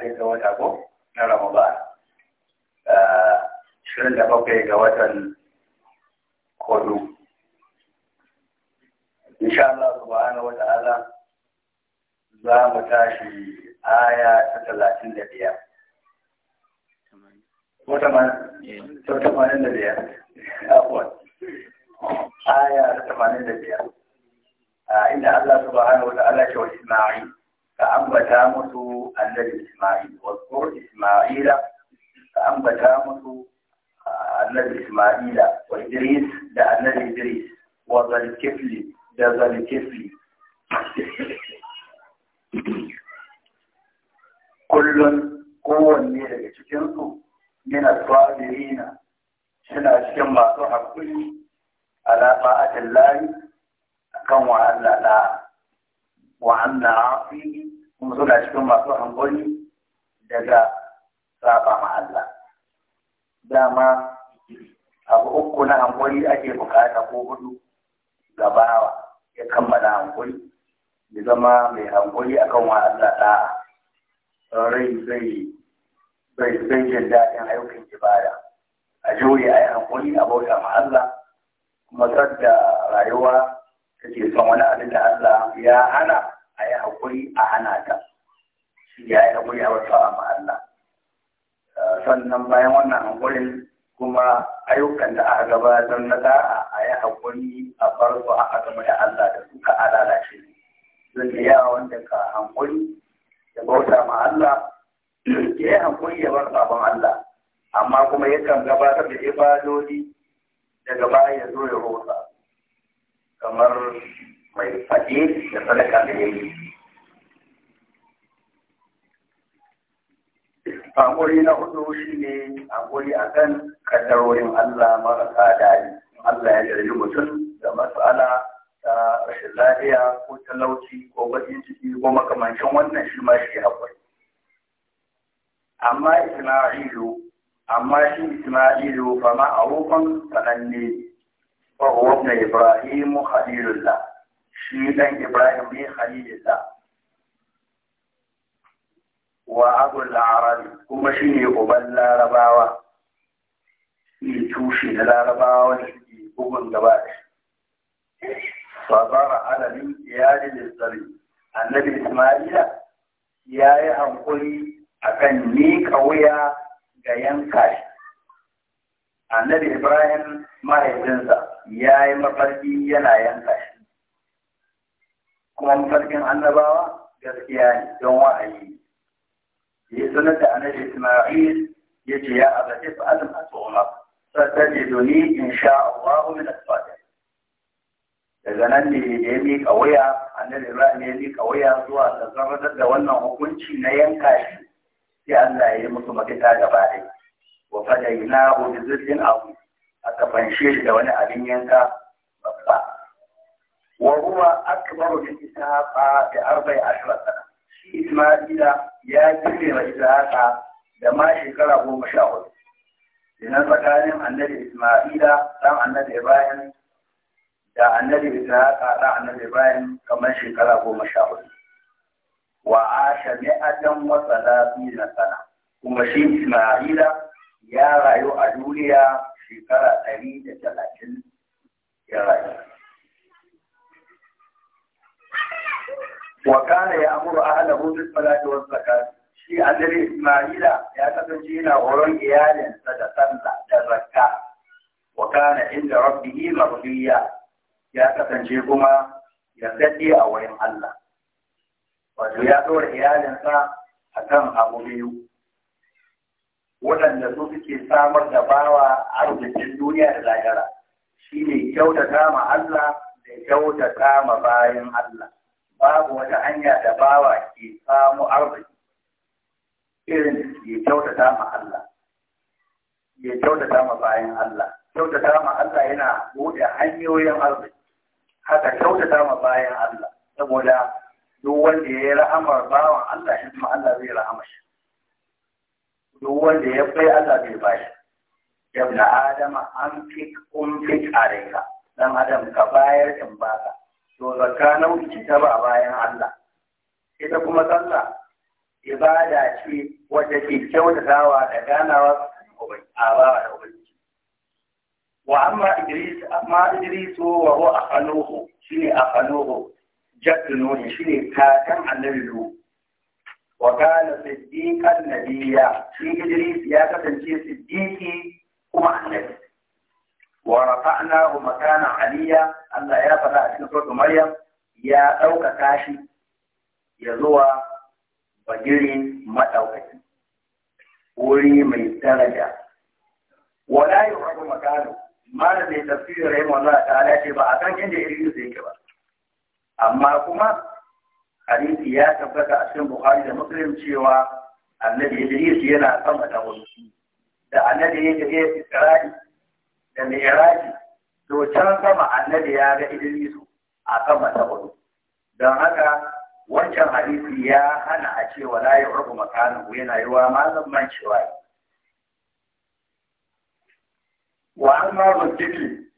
biyar ga wata ko na Ramadan. Eh, Shirin da bakwai ga watan Kodu. Insha Allah subhanahu wa ta'ala za mu tashi aya ta talatin da biyar. Ko tamanin eh. da biyar. Aya ta tamanin da biyar. Ah, inda Allah subhanahu wa ta'ala ke wa Ismail ka ambata musu annabi Ismail wasu Ismaila ka ambata musu annabi Ismaila wa Idris da annabi Idris wa Zalkifli da Zalkifli kullun kowanne daga cikinsu yana sabirina suna cikin masu haƙuri ala fa'atin layi akan wa kuma suna cikin masu hankali daga saba ma Allah dama abu uku na hankali ake bukata ko hudu gabawa ya kammala hankali ya zama mai hankali akan wa Allah da'a rai zai zai zai jin daɗin ayyukan ibada a juye a yi hankali a bauta ma Allah kuma da rayuwa take son wani abin da Allah ya hana a yi haƙuri a hana ta ya yi haƙuri a wasu a Allah eh, sannan bayan wannan haƙurin kuma ayyukan da aka gabatar na da'a a yi haƙuri a farko a gama mai Allah da suka alala shi don da yawa wanda ka haƙuri ya bauta ma Allah ya yi haƙuri ya bar sabon Allah amma kuma yakan gabatar da ibadodi daga baya ya zo ya rosa kamar mai faɗi da sadaka da yayi Hakuri na hudu shi ne hakuri a kan kaddarorin Allah marasa daɗi. Allah ya jarri mutum da matsala ta rashin lafiya ko talauci ko baƙin ciki ko makamancin wannan shi ma shi hakuri. Amma Isma'ilu, amma shi Isma'ilu ba ma'arufan sananne ba Ibrahimu Khalilullah. shi Ibrahim ne Khalilullah wa abun larabi kuma shi ne uban larabawa shi tushe da larabawa da suke bugun gaba da shi fadara alalin iyali da tsari annabi ismaila ya yi hankuri akan ni wuya ga yanka shi annabi ibrahim mahaifinsa ya yi mafarki yana yanka shi kuma mafarkin annabawa gaskiya ne don wa'ayi ya sanar da annabi Isma'il ya ce ya abace fa azum asuma sadda doni insha Allah min as daga nan ne da ya miƙa wuya annabi Ibrahim ya miƙa wuya zuwa ga da wannan hukunci na yanka shi sai Allah ya yi musu mafita gaba ɗaya wa fadaynahu bi zillin abu aka fanshe shi da wani abin yanka babba وهو أكبر من إسحاق بأربع عشرة sana shi Ismaila ya girma Ishaqa da ma shekara goma sha hudu. Sinan tsakanin annabi Ismaila ɗan annabi Ibrahim da annabi Ishaqa ɗan kamar shekara goma sha hudu. Wa asha mi'atan wa sana. Kuma shi Ismaila ya rayu a duniya shekara ɗari da talatin ya rayu. وكان يأمر أهله بالصلاة والزكاة shi annabi Isma'ila ya kasance yana horon iyalinsa da sallah da zakka wa kana inda rabbihi mardiya ya kasance kuma yardadde a wurin Allah wato ya dora iyalinsa akan abu biyu waɗanda su suke samar da bawa arzikin duniya da lahira shine kyautata ma Allah da kyautata ma bayan Allah babu wata hanya da bawa ke samu arziki irin ya kyautata ma Allah ya kyautata ma bayan Allah kyautata ma Allah yana buɗe hanyoyin arziki haka kyautata ma bayan Allah saboda duk wanda ya yi rahamar bawan Allah shi kuma Allah zai rahama shi duk wanda ya bai Allah zai ba shi ya adama an fi umfik alaika dan adam ka bayar in baka to zakka nau'i ta ba bayan Allah ita kuma sallah ibada ce wadda ke kyautatawa da ganawa a bawa da ubangiji wa amma idris amma idris wa huwa akhanuhu shine akhanuhu jaddu nuhi shine kakan annabi nuhu wa kana siddiqan nabiyya shi idris ya kasance siddiqi lahu makana aliya Allah ya faɗa a cikin suratul Maryam ya ɗaukaka shi ya zuwa bagirin madaukaki wuri mai daraja wala yu'rabu makanu malam mai tafsiri rahimahullah ta'ala ce ba a kan inda zai yake ba amma kuma hadisi ya tabbata a cikin Bukhari da Muslim cewa annabi Idris yana sama da wasu da annabi ya je Isra'i da Mi'raji to can gama annabi ya ga Idrisu a sama ta hudu don haka wancan hadisi ya hana a ce wala ya urbu makanu yana yi wa malam man cewa wa amma zulkifli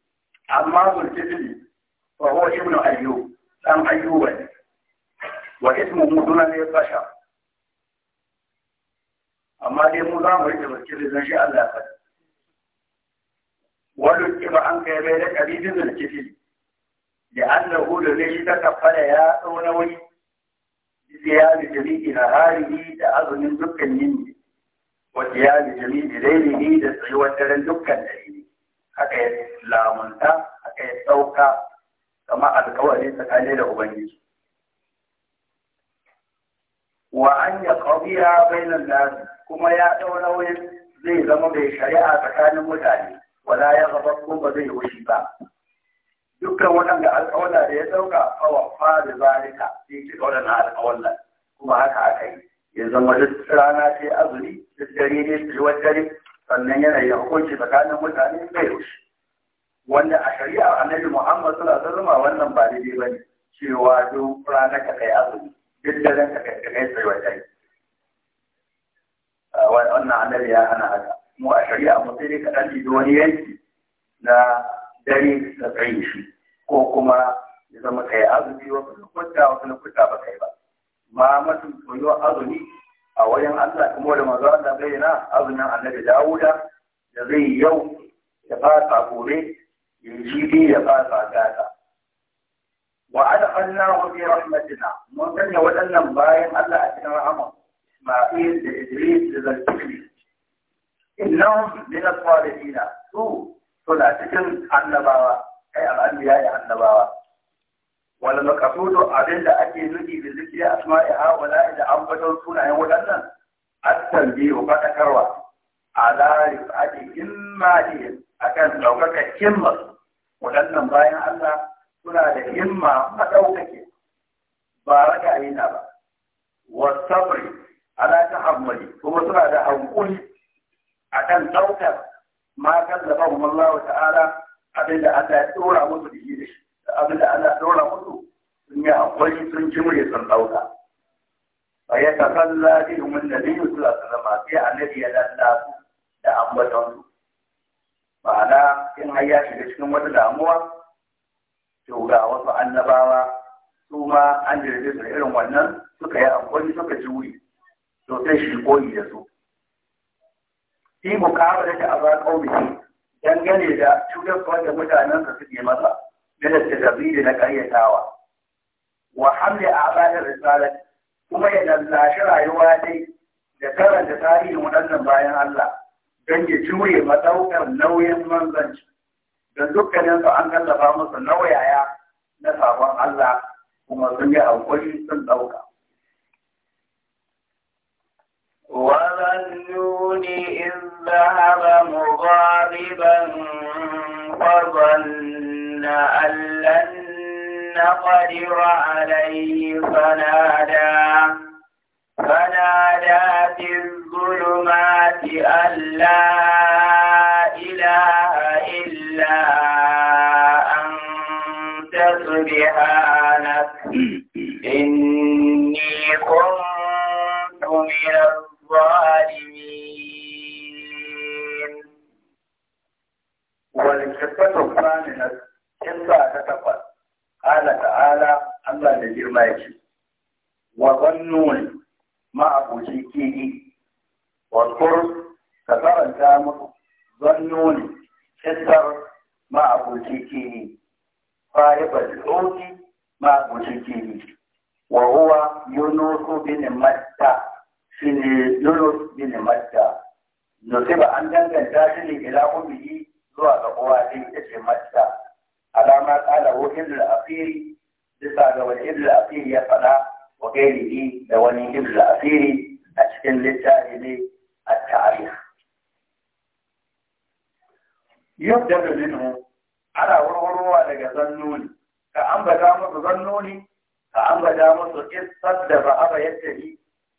amma zulkifli fa huwa ibnu ayyub dan ayyuba ne wa ismuhu sunan ne bashar amma dai mu za mu rike zulkifli zan shi Allah ya faɗi ولكب عنك يا بيت أبي ذي الكفيل لأنه الذي تكفل يا أولوي بثياب جميع نهاره تأذن دكا مني وثياب جميع ليله تسعيوة دكا ليلي haka ya lamunta haka yi ɗauka kama alkawari tsakanin da Ubangiji. Wa an ya ƙawiya bainan nasu kuma ya ɗaura wani zai zama mai shari'a tsakanin mutane. wala ya gaba ko ba zai wuce ba dukkan waɗanda alƙawalla da ya ɗauka hawa fa da zalika sai ɗaura na alƙawalla kuma haka aka yi ya zama duk rana sai azumi duk dare ne tsiriwar dare sannan yanayin hukunci tsakanin mutane bai wuce wanda a shari'a annabi Muhammad suna zama wannan ba daidai ne. cewa duk rana ka kai azumi duk daren ka kai sai tsiriwar dare wannan annabi ya hana haka mu a shari'a mu sai dai ka ɗan da wani yanki na dare da tsaye shi ko kuma ya zama kai azumi wasu lokuta wasu lokuta ba kai ba ma mutum koyo azumi a wajen Allah kuma da manzo Allah bayyana azumin annabi Dawuda da zai yau ya fasa gobe ya jibi ya fasa gata wa adkhalnahu fi rahmatina mun sanya waɗannan bayan Allah a cikin rahama Isma'il da Idris da Zulkifli innahum min as-salihin su suna cikin annabawa ai al-anbiya ya annabawa wal maqsudu abinda ake nufi da zikri asma'i haula da ambaton sunayen wadannan at-tanbihu fadakarwa ala rifati immadihim akan daukaka himma wadannan bayan Allah suna da himma madaukake ba raka ina ba wasabri ala tahammuli kuma suna da hankuli a kan ɗaukar matan da ban Allah ta'ala abin da Allah ya ɗora musu da shi abin da Allah ya ɗora musu sun yi akwai sun jimre sun ɗauka. Fa ya tasalla bihum annabi sallallahu alaihi wasallam sai annabi ya lallasu da ambaton su. Ma'ana in har ya shiga cikin wata damuwa to ga wasu annabawa su ma an jirage su irin wannan suka yi akwai suka jure to sai shi koyi da su. fi muqabala da a qaumi dangane da cutar da mutanen su suke masa da da na karyatawa wa a a'ba'ir risalat kuma ya lallashi rayuwa dai da karanta tarihin waɗannan bayan Allah don ya jure matsaukar nauyin manzanci don dukkanin su an kallafa musu nauyaya na sabon Allah kuma sun yi hankali sun ɗauka. وذنون إذ ذهب مغاضبا فظن أن لن نقدر عليه فنادى فنادى في الظلمات أن لا إله إلا أنت سبحانك إني كنت من الظالمين والشركة الثامنة إلا تتفت قال تعالى الله لجرم يجي وظنون ما أبو جيكيه واذكر كثر الجامع ظنون كثر ما أبو جيكيه صاحب الحوت ما أبو جيكيه وهو يونس بن متى shi ne Yunus ne Matta. sai ba an danganta shi ne ila ummihi zuwa ga uwa sai ita ce Matta. Alama kala wa ibn asiri bisa ga wani ibn asiri ya faɗa wa gairihi da wani ibn asiri a cikin littafi ne a tarih. Yau da minhu ana warwarwa daga zannoni ka ambata musu zannoni ka ambata musu kissar da ba aba yadda yi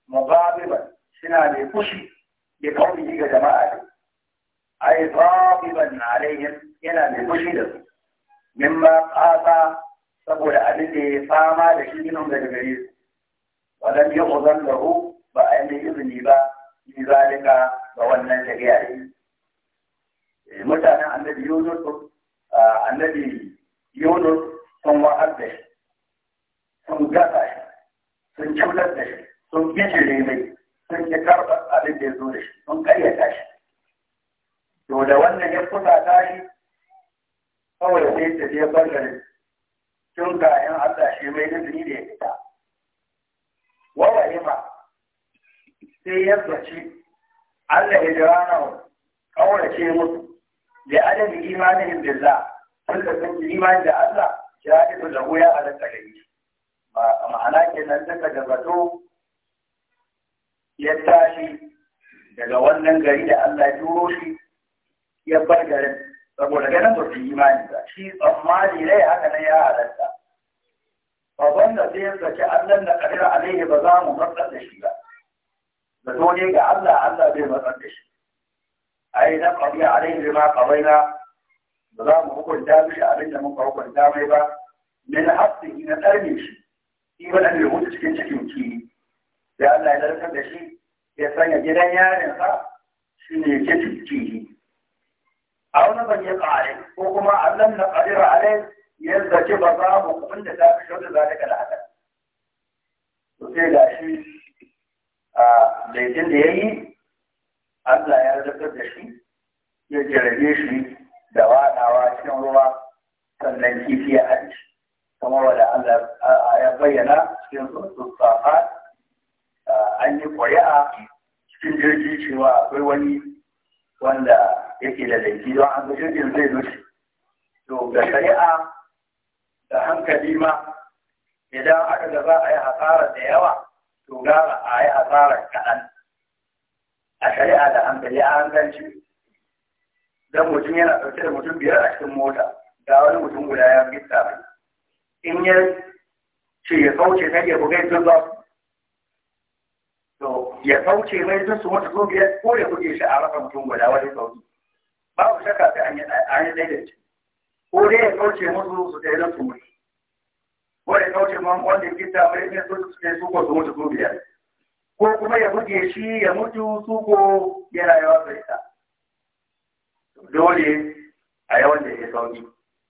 mugabiban suna mai fushi da kawai ga jama'a ne ai na alaihim yana mai fushi da su Min ba qata saboda abin da ya fama da shi ginin daga gare su walam da ru ba a yi izini ba ni zalika ga wannan tafiya ne mutanen annabi Yunus annabi Yunus sun wahar da shi sun gasa shi sun cutar da shi sun bijire mai sun yi karɓar abin da ya zo da shi sun karya shi to da wannan ya kusa tashi kawai sai ta je bangare tun ga yan Allah shi mai nazari da ya fita wawaye ma sai ya zaci Allah ya jira na kaurace musu da adadin imanin billah sun da sun imani da Allah ya ji da a halatta gari ma'ana kenan daga da bato ya tashi daga wannan gari da Allah ya turo shi ya bar garin saboda ganin ba su imani ba shi tsammani rai haka nan ya halatta babban da sai ya saki Allah na kadir alaihi ba za mu matsar da shi ba da ne ga Allah Allah zai matsar da shi ai na qabi alaihi ma na? ba za mu hukunta mishi abin da muka hukunta mai ba min hasihi na tsarni shi ibn al-hud cikin cikin kiri da Allah ya zartar da shi ya sanya gidan yarinsa shi ne ke tuki a wani ban tsare ko kuma Allah na ƙadira alai ya ba za mu kuɗin da ta fi da za ta kala haka. To sai ga shi a laifin da ya yi Allah ya zartar da shi ya jirage shi da waɗawa cikin ruwa sannan kifi a haɗe kamar wanda Allah ya bayyana cikin tsuntsun tsafat Eh, an yi ƙuri'a cikin jirgi cewa akwai wani wanda yake da laifi don an jirgin zai nufi to ga shari'a da hankali ma idan aka ga za a yi hasara da yawa to gara a yi hasara kaɗan a shari'a da hankali a hankali don mutum yana ɗauke da mutum biyar a cikin mota ga wani mutum guda ya gita in ya ce ya kauce kan ya bugai tun ya kauce mai duk su mutu ko biyar ko ya buge shi a rafa mutum guda wani sauki babu shakka sai an yi an ce ko dai ya kauce musu su kai don su mutu ko ya kauce ma wanda gita mai ne su su kai su ko su mutu ko biyar ko kuma ya buge shi ya mutu su ko ya rayuwa su ta dole a yawan da ya sauki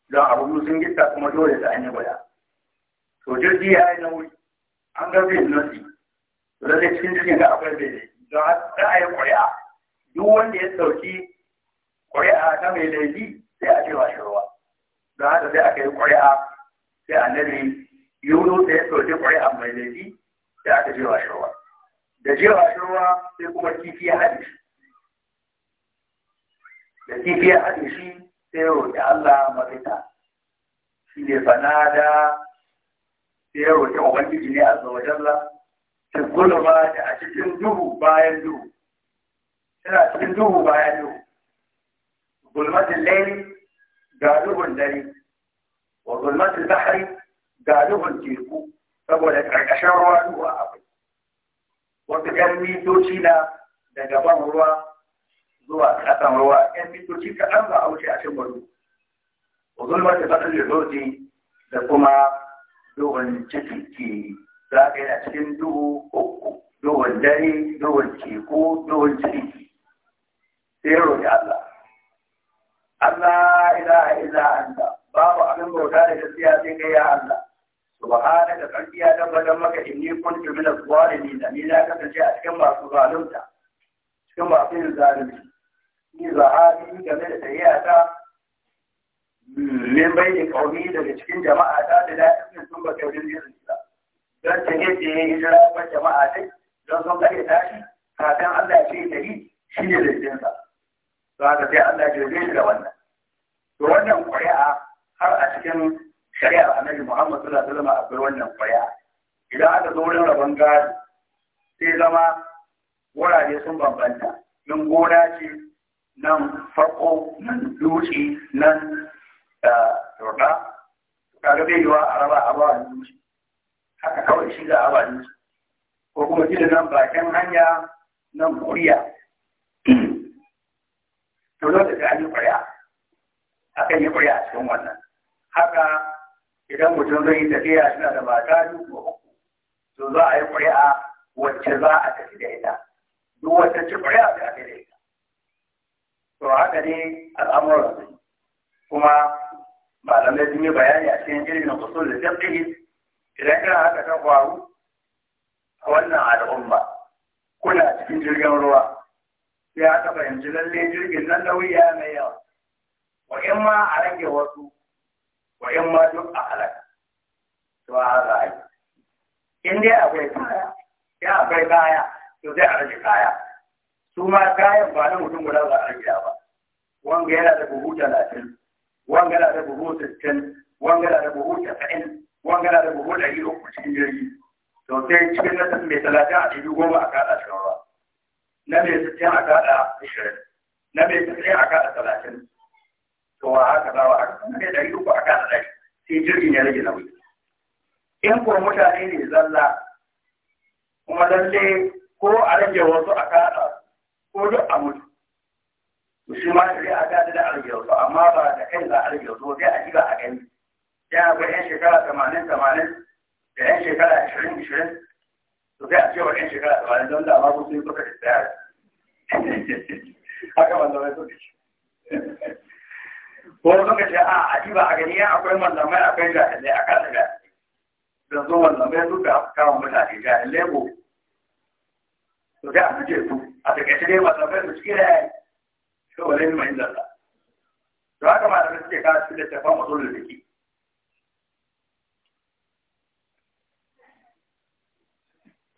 don abu sun gita kuma dole su an yi guda to jirgi ya yi nauyi an ga nasi lalle cikin cikin ga akwai mai laifi don za a yi ƙuri'a duk wanda ya ɗauki ƙuri'a ta mai laifi sai a cewa shi ruwa don haka sai aka yi ƙuri'a sai annabi yuno da ya ɗauki ƙuri'a mai laifi sai aka cewa shi ruwa da cewa shi ruwa sai kuma kifi ya haɗe shi da kifi ya haɗe shi sai roƙi Allah mafita shi ne fanada sai ya roƙi Ubangiji ne a zawajalla ta gulma da a cikin duhu bayan duhu tana cikin duhu bayan duhu gulmatin laili ga duhun dare wa gulmatin bahari ga duhun teku saboda ƙarƙashin ruwa duhu a akwai wasu ƴan mitoci na daga ban ruwa zuwa ƙasan ruwa ƴan mitoci kaɗan za a wuce a cikin gwado wa gulmatin bahari da da kuma duhun cikin ke za ka yana cikin duhu uku duhun dare duhun teku duhun ciki sai ya roƙi Allah Allah ilaha illa anta babu abin bauta da gaskiya sai kai ya Allah subhanaka sarki ya tabbatar maka inni kuntu min az-zalimin ni na kasance a cikin masu zalunta cikin masu yin zalunci ni zahabi game da tayyata min bai da kauni daga cikin jama'a ta da da sun ba kaurin yin sa don ta yadda ya yi jiragen jama'a dai don sun kare tashi kafin Allah ya ce da yi shi ne da sa, to haka sai Allah ya jirgin shi da wannan to wannan ƙuri'a har a cikin shari'ar annabi Muhammad sallallahu alaihi wasallam akwai wannan ƙuri'a idan aka zo wurin rabon gado sai zama wurare sun bambanta in gona ce nan farko nan dutse nan da eh, turba kaga bai yiwa a raba a bawa dutse haka kawai shi da abadin su ko kuma ji da nan bakin hanya nan kuriya to lokacin an yi kuriya akan yi kuriya a cikin wannan haka idan mutum zai yi tafiya suna da mata duk uku to za a yi kuri'a wacce za a tafi da ita duk wata ci kuri'a da aka da ita to haka ne al'amuran kuma malamai sun yi bayani a cikin na kusur da tafiya idan irin haka ta faru a wannan al'umma kuna cikin jirgin ruwa ya aka fahimci lalle jirgin nan nauyi ya mai yawa wa in ma a rage wasu wa in ma duk a halaka to a haka ake in dai akwai kaya ya akwai kaya to sai a rage kaya su ma kayan ba na mutum guda ba a rage ba wanga yana da buhu talatin wanga yana da buhu sittin wanga yana da buhu casa'in wanga na da buhu yi uku cikin jirgi to sai cikin na mai talatin a ɗari goma a kaɗa cikin ruwa na mai sittin a kaɗa ashirin na mai sittin a kaɗa talatin to a haka za a haka na mai ɗari uku a kaɗa ɗari sai jirgin ya rage nauyi in ko mutane ne zalla kuma lalle ko a rage wasu a kaɗa ko duk a mutu to shi ma shari'a ta da a rage wasu amma ba da kai za a rage wasu sai a ji a gani sai akwai 'yan shekara tamanin tamanin da 'yan shekara ashirin ashirin to sai a cewa 'yan shekara tamanin don da amma kun sun suka tsaya haka malamai suka ce ko suka ce a adiba a gani akwai mallamai akwai jahilai a kasa da da zo mallamai malamai suka kawo mutane jahilai ko to sai a fice su a takaice dai mallamai su cike da yi to wale mai zalla to haka malamai suke kawo su da tafan matsalolin da ke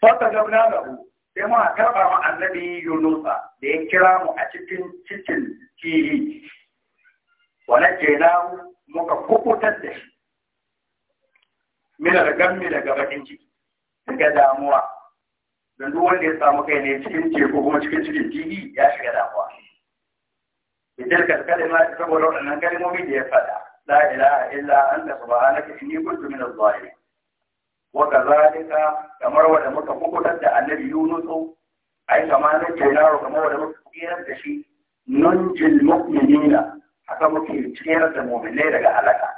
Fata gabna da ku, sai mu karɓa mu annabi Yunusa da ya kira mu a cikin cikin kihi. Wane ke muka kukutar da shi. Minar gammi daga bakin ciki, daga damuwa. Don duk wanda ya samu kai ne cikin teku kuma cikin cikin kihi ya shiga damuwa. Bidil kalkalin ma saboda waɗannan kalmomi da ya faɗa. La ilaha illa anta subhanaka inni kuntu zuwa zalimin. wa kazalika kamar wanda muka kukutar da annabi Yunus ai kama na jainaru kamar wanda muka tsira da shi nunjil mu'minina haka muke tsira da mu'minai daga halaka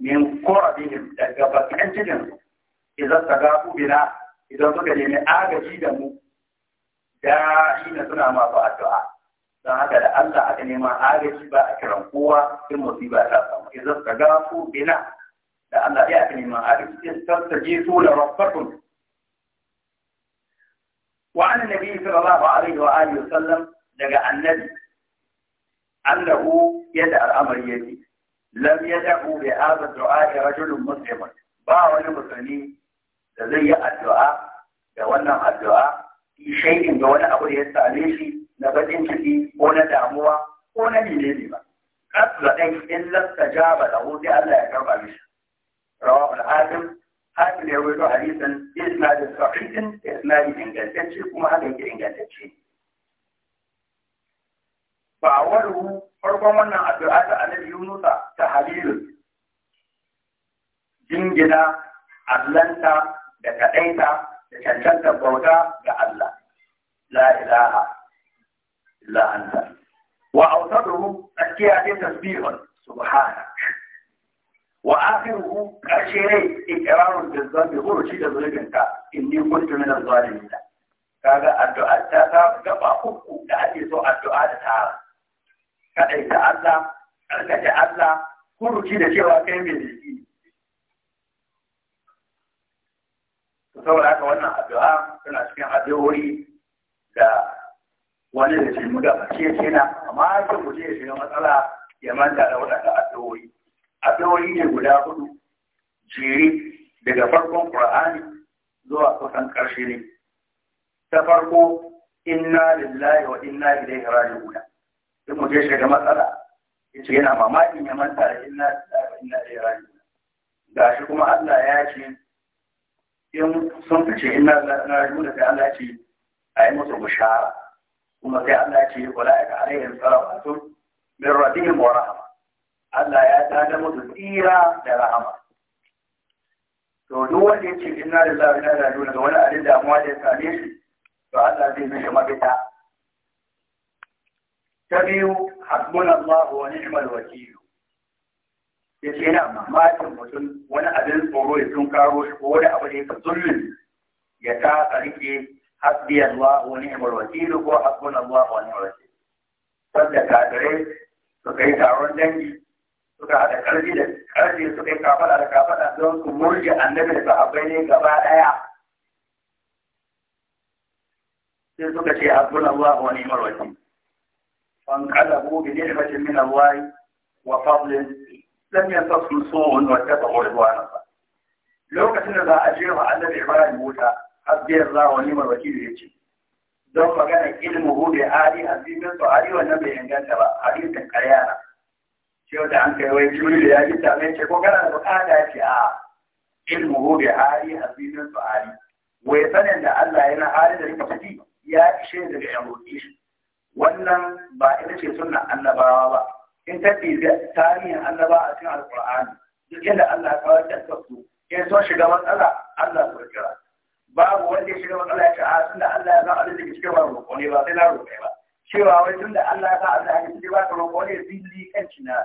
min qorabihim daga bakin cikin su idan tagafu bina idan suka nemi agaji da mu da shi ne suna masu addu'a don haka da Allah aka nema agaji ba a kiran kowa in musiba ta samu idan tagafu bina لأن لا يأتني ما أعرف لربكم وعن النبي صلى الله عليه وآله وسلم لقى النبي أنه يدعى الأمر يدي لم يدعه بهذا الدعاء رجل مسلم باعوا المسلمين لذي الدعاء لولنا الدعاء في شيء دون أقول يستعليشي نبدأ كذي هنا دعموها هنا من لذيما قد لديك إن لا استجاب له دي ألا يكرب عليشه رواه الحاكم حاكم يقول حديثا بإسناد صحيح إسناد إنجلتشي كما هذا يمكن إنجلتشي فأوله فرقم أن الدعاء على يونس تحليل جنجنا أدلنتا دكتيتا دكتشنتا بوتا كالله لا إله إلا أنت وأوسطه أتيها تسبيح سبحانك wa akhiruhu karshe ne ikrarun da zambi huruci da zulubin ka inni kuntu min az-zalimin kaga addu'a ta ta gaba uku da ake so addu'a da ta kadai ta Allah karkace Allah huruci da cewa kai mai jiki saboda haka wannan addu'a tana cikin addu'o'i da wani da shi mu da bace na amma sai mu je shi matsala ya manta da wadannan addu'o'i addu'o'i ne guda hudu jere daga farkon Qur'ani zuwa kusan ƙarshe ne ta farko inna lillahi wa inna ilaihi raji'un in mu je shiga matsala yace yana mamakin ya manta da inna lillahi wa inna ilaihi raji'un gashi kuma Allah ya ce in sun fice inna lillahi wa inna ilaihi raji'un sai Allah ya ce ayi musu bushara kuma sai Allah ya ce wala ka alaihim salawatun min rabbihim wa rahmah Allah ya tada musu tsira da rahama to duk wanda ya ce inna lillahi wa inna ilaihi raji'un wani abin damuwa da ya same shi to Allah zai mishi mafita ta biyu hasbunallahu wa ni'mal wakil ya ce yana mamakin mutum wani abin tsoro ya tun karo shi ko wani abu da ya zulmi ya ta tsarki hasbi Allah wa ni'mal wakil ko hasbunallahu wa ni'mal wakil sabda kadare su kai taron dangi suka haɗa ƙarfi da ƙarfi suka yi kafaɗa da kafaɗa don su murje annabi da sahabbai ne gaba ɗaya. Sai suka ce hasbun Allah wa ni'mal wakil. Fan qalabu bi ni'matin min Allah wa fadlin lam yasasu su'un wa na ba. Lokacin da za a je jefa annabi Ibrahim wuta, hasbi za wa ni'mal wakil yace. Don magana hudu hu bi a cikin su ali wannan bai inganta ba, hadisin ƙarya na. cewa da an kai wai jibril ya ji ta mai ce ko kana da bukata ce a ilmu hu a hali su su'ali wai sanin da Allah yana hali da rika fiti ya ishe daga yan roƙi wannan ba ita ce sunnan annabawa ba in ka ɗibi tarihin annaba a cikin alƙur'ani duk inda Allah ya kawo tattabtu in so shiga matsala Allah su kira babu wanda ya shiga matsala ya ce a da Allah ya san abin da ke cikin ba roƙo ne ba sai na roƙe ba cewa wai tun da Allah ya sa abin da ke ba ka roƙo ne zilli kan na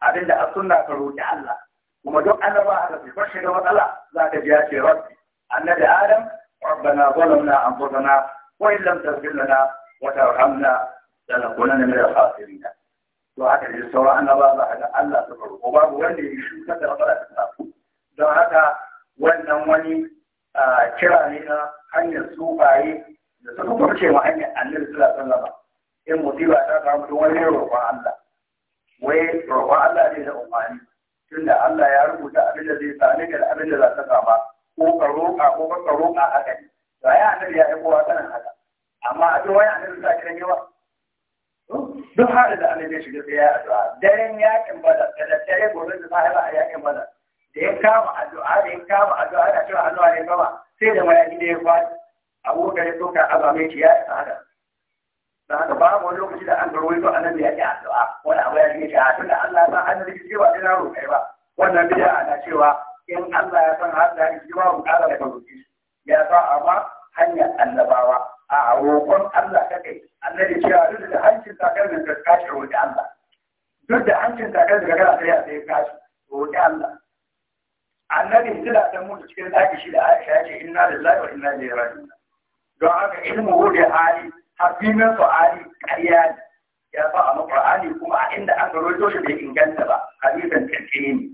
abinda a sunna ka roƙi Allah kuma duk annaba haka bai bar shiga matsala za ka ji ya ce rabbi annabi adam ربنا ظلمنا أنفسنا وإن لم تغفر لنا وترحمنا لنكونن من الخاسرين to haka ne sauran annaba ba haka Allah ta farko babu wanda ya shuka da fara ta samu don haka wannan wani kira ne na hanyar tsufaye da suka farce ma hanyar annabi sallallahu alaihi wasallam in musiba ta samu don wani roƙon Allah wai roƙon Allah ne da umarni tunda Allah ya rubuta abin da zai sami da abin da za ta sama ko ka roƙa ko ka roƙa haka ne to ai annabi ya yi kowa sanin haka amma a cewa annabi za kiran yawa duk halin da annabi ya shiga sai ya addu'a daren yakin bada, da daddare gobe da ta sahiba a yakin bada. da ya kama addu'a da ya kama addu'a da cewa Allah ne kama sai da mayaki da ya faɗi abokan ya soka azame shi ya isa haka da haka babu wani lokaci da an garwaito annabi ya yi addu'a wani abu ya yi shahada tunda Allah ya san annabi cewa ina roƙai ba wannan bid'a na cewa in Allah ya san har da shi ba mu kara da roƙi ya sa amma hanyar annabawa a roƙon Allah kake annabi cewa duk da hancin takar da kashi roƙi Allah duk da hancin takar da kana sai sai kashi roƙi Allah annabi tana da mutu cikin daki shi da Aisha ya ce inna lillahi wa inna ilaihi raji'un don haka ilmu wuri hali hafinan su'ali ƙarya ne ya sa a Qur'ani kuma a inda aka rojo shi bai inganta ba hadisan kirkiri ne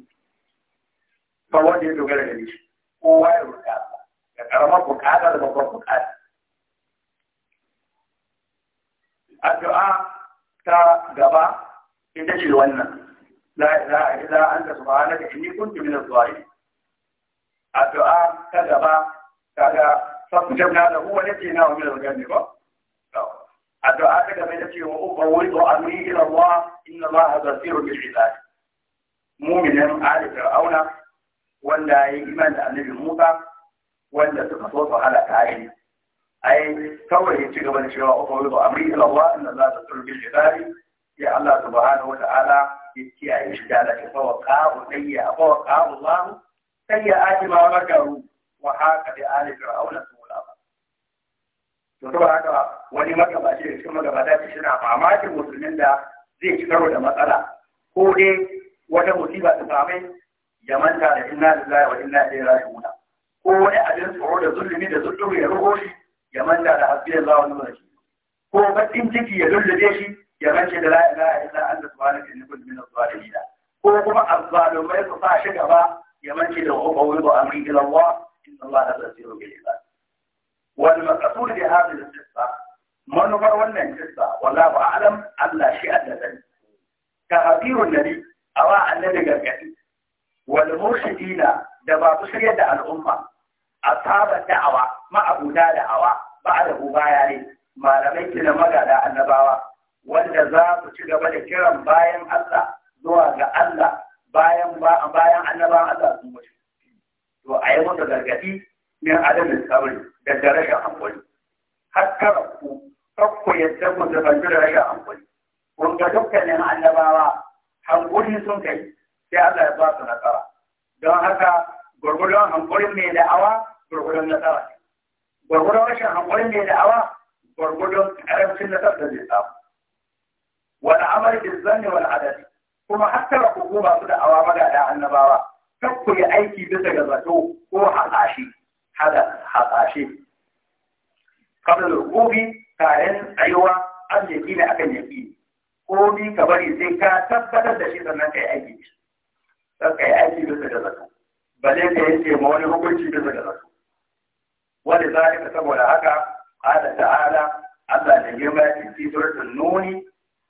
ba wanda ya dogara da shi kowa ya roƙa Da karamar bukata da babban bukata addu'a ta gaba ita ce wannan la ilaha illa anta subhanaka inni kuntu min adh-dhalimin addu'a ta gaba kaga fa kujabna lahu wa najina min al ba. addu'a ta game da cewa ubawaitu amri ila Allah inna Allah ghafirun lil ibad mu'minin ali fir'auna wanda ya yi iman da annabi Musa wanda suka so su halaka ai ai kawai ya ci gaba da cewa ubawaitu amri ila Allah inna Allah ghafirun lil ibad ya Allah subhanahu wa ta'ala ya kiyaye shi da da fawa qabu dayya fawa qabu Allah sai ya aji ma makaru wa haka da ali fir'auna su to saboda haka wani magabaci da cikin magabata ce suna mamakin musulmin da zai ci karo da matsala ko dai wata musiba ta same ya manta da inna lillahi wa inna ilaihi raji'un ko wani abin tsoro da zulumi da zulumi ya rugo shi ya manta da hasbi Allah wa ni'mal wakil ko bakin ciki ya lullube shi ya mance da la ilaha illa anta subhanaka inni kuntu minaz zalimin ko kuma azzalumai su sa shi gaba ya mance da wa qawlu amri ila Allah inna Allah la yasiru bil ibad wani makasur da hadin kissa manufar wannan kissa wallahu a'lam Allah shi addani ka habirun nabi awa annabi gargadi wal murshidina da ba su shirya da al'umma asaba da'awa ma'abuda da'awa ba da uba yayi malamai da magada annabawa wanda za su ci gaba da kiran bayan Allah zuwa ga Allah bayan annabawan to a yi musu gargadi من عدم الثوري بالدرجة أول حتى ربو ربو يتزمد بالدرجة أول وانت جبت لنا على بابا حنقول نسنتي في هذا الإطلاق نترى دوانك قرقلون حنقول من إلى أوا قرقلون نترى قرقلون وشا حنقول من إلى أوا قرقلون أرم سنة تبدل الإطلاق والعمل بالظن والعدد كما حتى ربو قوبا قد أوا مقا لا عنا بابا تبقى يأيكي بسجزته هو حقاشي على حقاشي قبل الوقوف كائن أيوة أن يكين أكن يكين قومي كبري زكاة تبتت دشي سنة كي أجيب فكي أجيب سجلته بل يتهيسي مولي هكوشي بسجلته ولذلك سبب لهذا قال تعالى ألا نجمع في سورة النون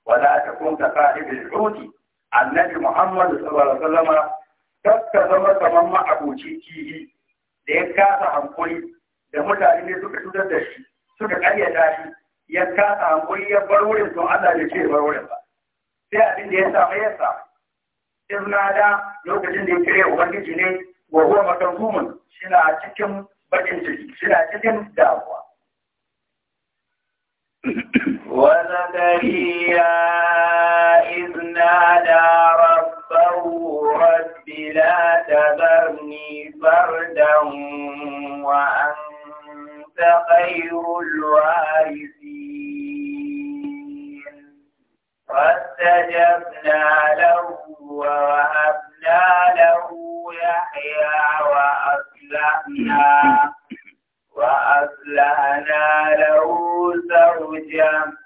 ولا تكون كصاحب الحوت النبي محمد صلى الله عليه وسلم تكتب كمان ما أبو تشيكيه da ya kasa hankuri da mutane ne suka cutar da shi suka karyata shi ya kasa hankuri ya bar wurin to Allah ya ce bar wurin ba sai abin da ya samu ya samu izna da lokacin da ya kire ubangiji ne wa huwa makazumun shina cikin bakin ciki shina cikin damuwa وزكريا إذ نادى ربه رب لا تذرني فردا وأنت خير الوارثين فاستجبنا له ووهبنا له يحيى وأصلحنا وأصلحنا له زوجا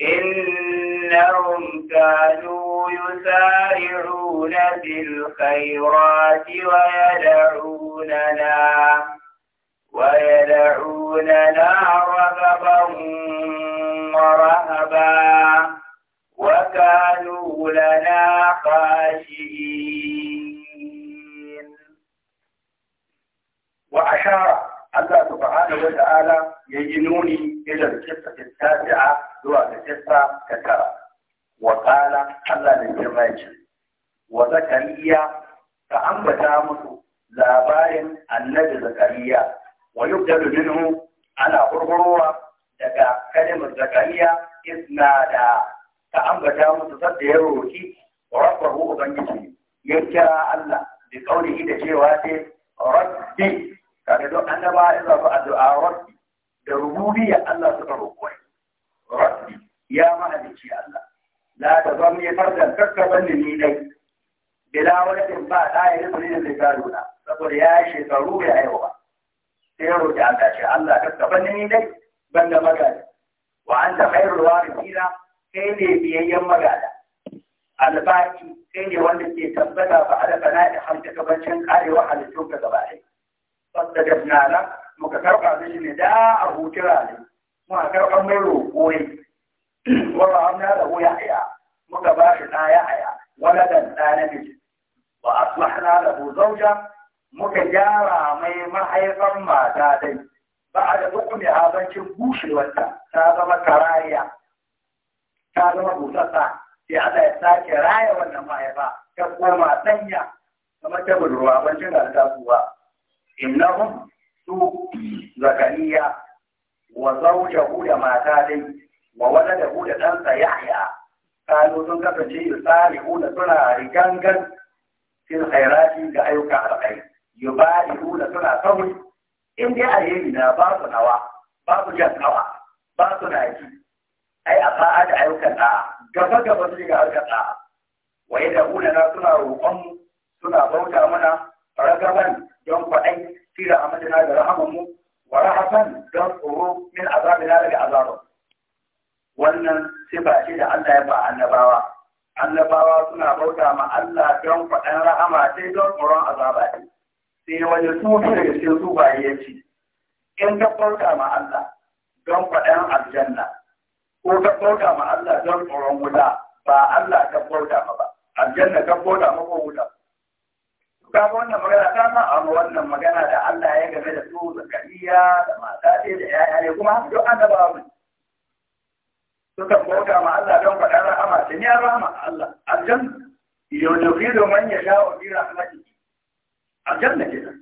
إنهم كانوا يسارعون في الخيرات ويدعوننا ويدعوننا رغبا ورهبا وكانوا لنا خاشعين وأشار Allah subhanahu wa ta'ala ya yi nuni ila ta tattabi'a zuwa ga kissa ta tara wa qala Allah da ke ya wa zakariya ka ambata musu labarin annabi zakariya wa yubdalu minhu ana hurhurowa daga kalimar zakariya isna da ka ambata musu sadda ya roki rabbahu ubangiji ya kira Allah bi qawlihi da cewa sai rabbi kaga don annaba ya zafi addu'a rabbi da rububiyya Allah suka roƙo rabbi ya mahalici Allah la ta zama ya farda kakkaban da ni dai bila wajen ba da ya rufe ne da zaruna saboda ya yi shekaru bai aiwa sai ya roƙi Allah ce Allah kakkaban da ni dai ban da magana wa an da khairul warithina kai ne biyayyen magana albaki kai ne wanda ke tabbata ba a da bana da hamta kabancin karewa halittun ka gaba ɗaya wanda da muka karɓa da shi ne da a hutura ne muka karɓa mai roƙoyi wanda an ya ya aya muka ba shi ɗaya ya aya wani dan ɗaya na miji ba a suna muka gyara mai mahaifan mata dai ba a da duk ne abincin bushewarta ta zama karariya ta zama sake raya wannan mahaifa ta koma sanya kamar ta budurwa bancin da ta kuwa innahum su zakariya wa zawjahu da mata dai wa waladahu da ɗansa yahya kano sun kasance yusari'una suna rigangan fil khairati ga ayyukan alkhairi yubari'una suna sauri in dai alheri na ba su nawa ba su jan kawa ba su na naji ai a fa'a da ayyukan da gaba gaba su ga ayyukan da wa yadda na suna roƙon suna bauta mana ragaban don kwaɗai fi rahamatuna da rahamanmu wa rahaban don tsoro min azabina daga azabar wannan sifa ce da Allah ya ba annabawa annabawa suna bauta ma Allah don faɗan rahama sai don tsoron azaba ne sai wani sufi daga su sufaye ya ce in ta bauta ma Allah don faɗan aljanna ko ta bauta ma Allah don tsoron wuta ba Allah ta bauta ma ba aljanna ta bauta ma ko wuta kaga wannan magana ta san amma wannan magana da Allah ya game da su zakariya da mata ce da yaya ne kuma duk annaba mu suka bauta ma Allah don faɗar rahama ta ne rahama Allah aljanna yau da fi domin ya sha wa fi rahmati aljanna ke nan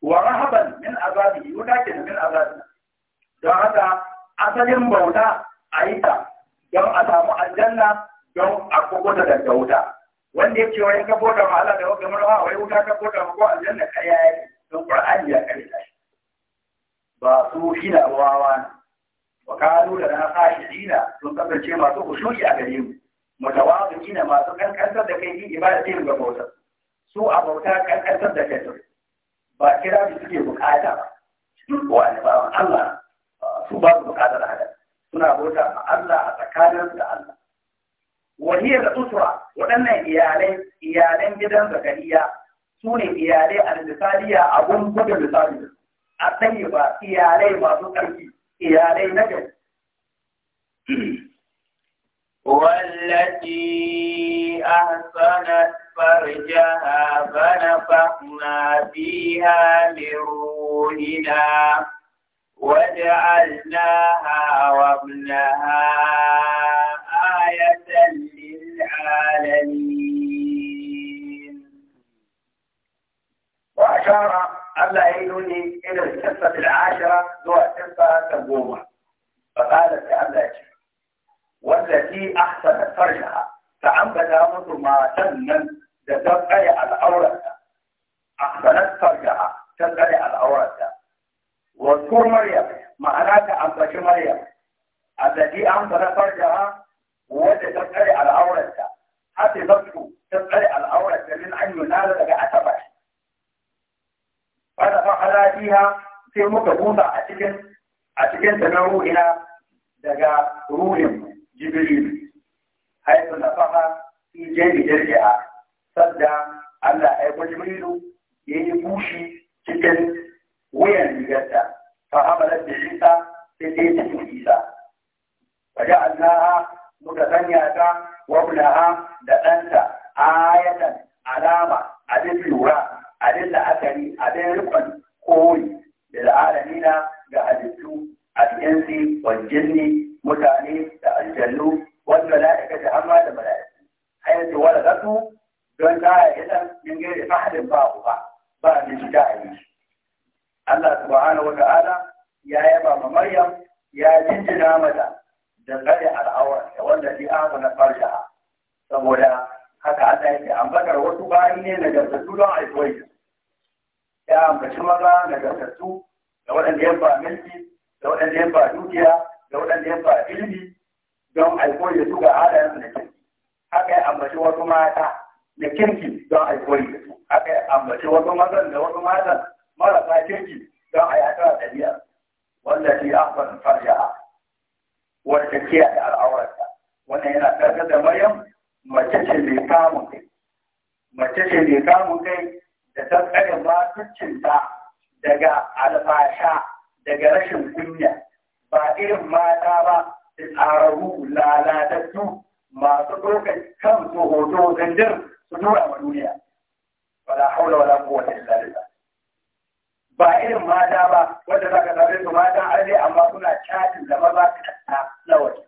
wa rahaban min azabi yuda ke min azabi don haka asalin bauta a yi ta don a samu aljanna don a kubuta daga wuta wanda ya ce wani ka bota ma Allah da wa gamar wa wai wuta ka bota ma ko aljanna ka yi don Qur'ani ya kare ta ba su shi na wawa ne wa kanu da na khashina sun kasance masu khushu'i a gare mu mutawazi'ina masu kankantar da kai ibadatin ga bautar su a bauta kankantar da kai ba kira da suke bukata ba kowa wani ba Allah su ba su bukatar haka suna bauta ma Allah a tsakanin da Allah da usra waɗannan iyalai iyalan gidan zakariya su ne iyalai al-misaliya abun gudun misali a tsaye ba iyalai masu ƙarfi iyalai na gari والتي أحصنت فرجها فنفخنا فيها من روحنا وجعلناها وابنها آية للعالمين وأشار الله إلى القصة العاشرة ذو القصة تقوم فقالت الله والتي أحسنت فرجها فأنبت منذ ما تمن على الأورة أحسنت فرجها تبقي الأورة واذكر مريم معناك أنبت مريم التي أنبت فرجها وانت تبقري على عورتك حتى نفسه تبقري على عورتك من ان ينال لك عتبك فانا فحلا فيها في مكبوطة اتكن اتكن تنوه الى دقا روح جبريل حيث نفخ في جيب درجها صدى الله يقول جبريل يبوشي cikin wuyan rigarta fa hamalar da isa sai ta muka sanya ta wa da ɗanta ayatan alama abin lura abin la'akari abin rikon koyi da al'alamina ga halittu al'insi wal jinni mutane da aljannu wal mala'ika da amma da mala'iku hayatu wal gatu don ta yata min gairi fahadin ba ku ba ba min shi ta yi Allah subhanahu wa ta'ala ya yaba ma Maryam ya jinjina mata dangane al'awar da wanda amu na farja saboda haka yi yake ambatar wasu bayi ne nagartattu don aikwai ya ambaci maza na nagartattu da waɗanda ya ba milki da waɗanda ya ba dukiya da waɗanda ya ba ilimi don aikwai da su ga halayensu da kirki haka ya ambaci wasu mata da kirki don aikwai da su haka ya ambaci wasu mazan da wasu matan marasa kirki don a yi haɗa da ɗabi'a wanda fi amana farja wanda ke da al'aurarta wannan yana karkar da maryam mace ce mai kamun kai mace ce mai kamun kai da ta tsare matucinta daga albasha daga rashin kunya ba irin mata ba da tsararru lalatattu masu ɗaukar kan tsohoto zanjir su tura wa duniya wala haula wala kowace lalata. ba irin mata ba wanda za ka same su mata aure amma suna cajin da maza kasa na waje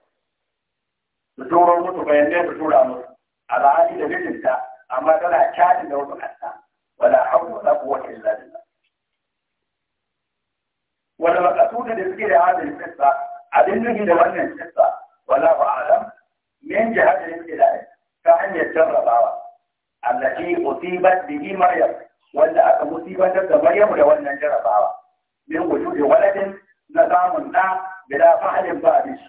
su turo musu bayanai su tura musu alhali da mijinta amma tana cajin da wasu kasa wala hawla wala quwwata illa billah wala maqasuda da suke da hadin kissa abin nufi da wannan kissa wala ba alam min jihadin kissa ta hanyar jarrabawa allati usibat bihi maryam wanda aka musibantar da Maryamu da wannan jarabawa min wujudi waladin na samun da da fa'alin ba abinci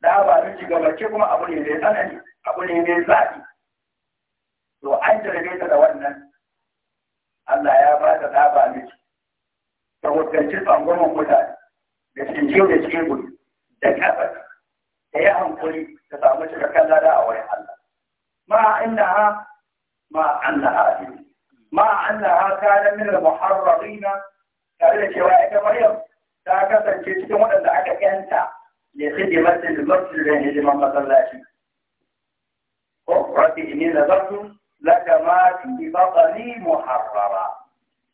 da ba abinci ga mace kuma abu ne mai tsanani abu ne mai zaɓi. to an jarabe ta da wannan Allah ya ba ta da ba abinci ta hukunci tsangonin mutane da shinjiyo da cikin da kafas da ya hankali ta samu cikakken lada a wurin Allah ma inna ma na abinci ما أنها كان من المحررين قبل شوائك مريم تاكتا جسد وأن دعك أنت لخدمة المسجد لمن مطلع شيء ربي إني نظرت لك ما في بطني محررا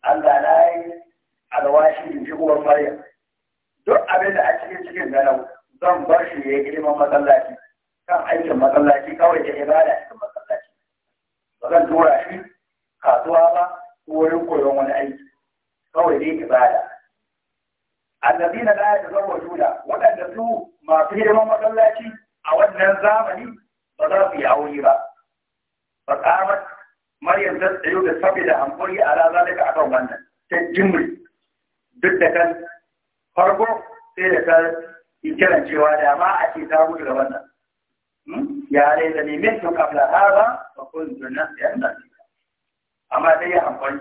أنت لا على واشي من جهو المريم دو أبدا أشكي سكين منو زم برشي يجري من مطلع شيء كم أيضا مطلع شيء كوي جهبالة مطلع شيء وقال دورا شيء kasuwa ba ko wurin koyon wani aiki kawai dai ibada allazina la yatazawwajuna waɗanda su masu hidiman masallaci a wannan zamani ba za su yi aure ba Ba qamat maryam ta tsayo da saboda hankuri ala daga akan wannan ta jimri duk da kan farko sai da ta yi kiran cewa dama ma a ce ta mutu da wannan hmm? ya rai da ne min tun kafla hada fa kuntu ya nasiya amma dai ya amfani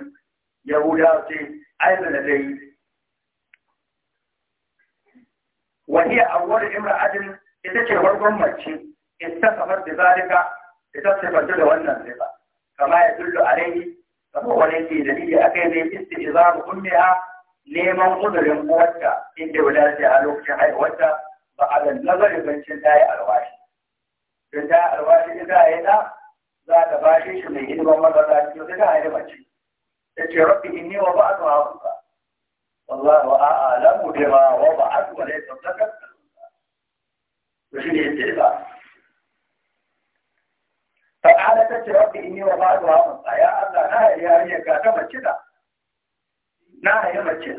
yahuda ce aina da dai wani awwal ajin ita ce farkon mace ita kamar da zalika ita ce banta da wannan zai ba kama ya a rai kama wani ke dalili akai ne istizaru a neman kudurin uwarta inda wadace a lokacin haihuwarta ba a da nazarin bancin ta yi alwashi Da ta yi alwashi ita yi ɗa? za ta bashe shi mai hidiman masallaci yau sai ta haifi mace ta ce rabbi inni wa ba su hafu ba wallahi wa a'a lamu bi ma wa ba a su wale sautaka to shi ne yadda ba fa'ala ta ce rabbi inni wa ba su hafu ba ya Allah na haifi yarinyar ga ta mace da na haifi mace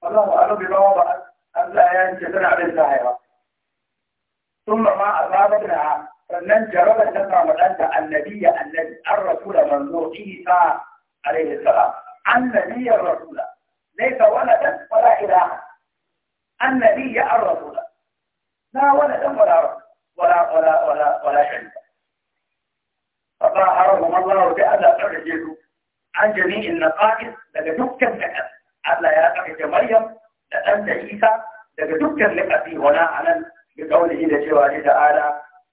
wallahi wa alu bi ma wa ba Allah ya yanke tana abin ta haifa ثم ما أصابتها sannan jarabar ta samu النبي annabiya annabi an rasula manzo isa alaihi salam annabiyar rasula laisa waladan wala ilaha annabiya لا ولدا ولا ولا ولا ولا ولا شيء فطهرهم الله بألا تعجزوا عن جميع النقائص لقد تكتب لك ألا يا أخي مريم لأنت عيسى لقد تكتب لك في هنا على بقوله جل وعلا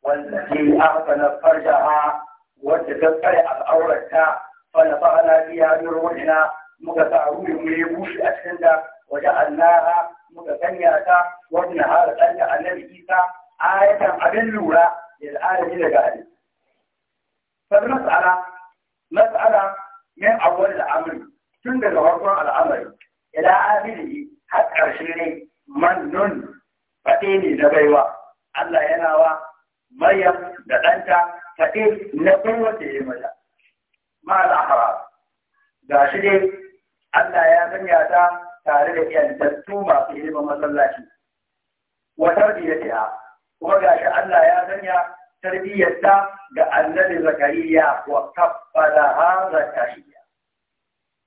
والتي أحسن فرجها وتتبقى الأورتها فنفعنا فيها بروحنا روحنا متفاعل مليبوش أسندا وجعلناها متسنية وابنها لسنة النبي إيسى آية للآلة للآية لجهل فالمسألة مسألة من أول العمل تنبه على العمل إلى آخره حتى عشرين من فتيني نبيوة الله ينوى Maryam da ɗanta kaɗai na kowace ya mata. Ma al'ahara, ga shi dai Allah ya sanya ta tare da ‘yantattu masu ilimin masallaci. Wa tarbiyyata kuma ga shi Allah ya sanya tarbiyyarta ga annabi Zakariya wa kaffalaha shi.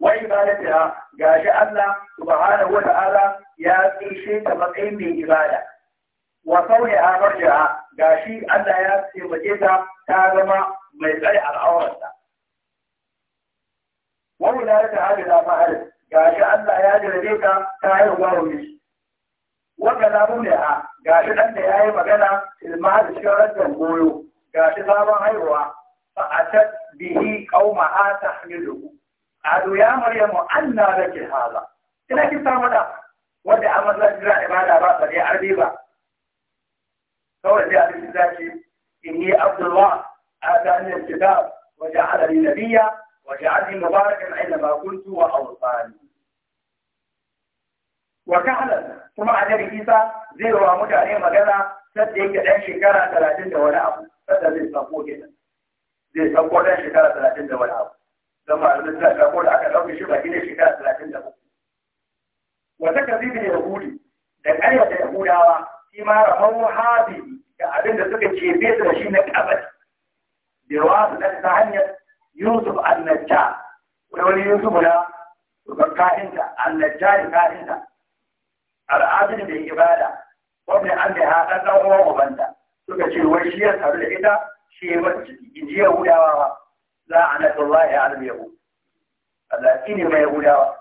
Wai ibadatiha ga shi Allah subhanahu wa ta'ala ya tsaye ta matsayin mai ibada. Wa sauya marja'a gashi Allah ya taimake ta ta zama mai tsare al'aurarta. Wani da ta hada da fa'ar gashi Allah ya jirage ta ta yi gwaro ne. Wanda na mu ha gashi ɗan da ya yi magana ilma da shirar goyo gashi sabon haihuwa fa'atat bihi qauma ha tahmiluhu. Ado ya Maryamu anna laki hada. Ina ki samu da wanda amma zan jira ibada ba tsare arbi ba. فوجه للذاكر اني عبد الله آتاني الكتاب وجعلني نبيا وجعلني مباركا اينما كنت وأوصاني وكعلا ثم عجبي إيسا زيرو رامجا عليه مجالا سديك دين شكرا ثلاثين دولا فتا زي صفو كذا. زي صفو دين شكرا ثلاثين دولا ثم المسا كقول أكا لو بشبه كذا شكرا ثلاثين دولار. وذكر ذي بن يقولي ايه يقول يا رب فيما رموا هذه da abinda suka ce bai da shi na kabari da wasu ɗan ta hanyar Yusuf annajja wani Yusuf na rubar ka'inta annajja da ka'inta al'adun da ibada wani an da ha dan ɗan uwa ubanta suka ce wai shi ya taru da ita shi ya bar ciki in ji Yahudawa ba la'anatullahi alal yahud Allah ne mai Yahudawa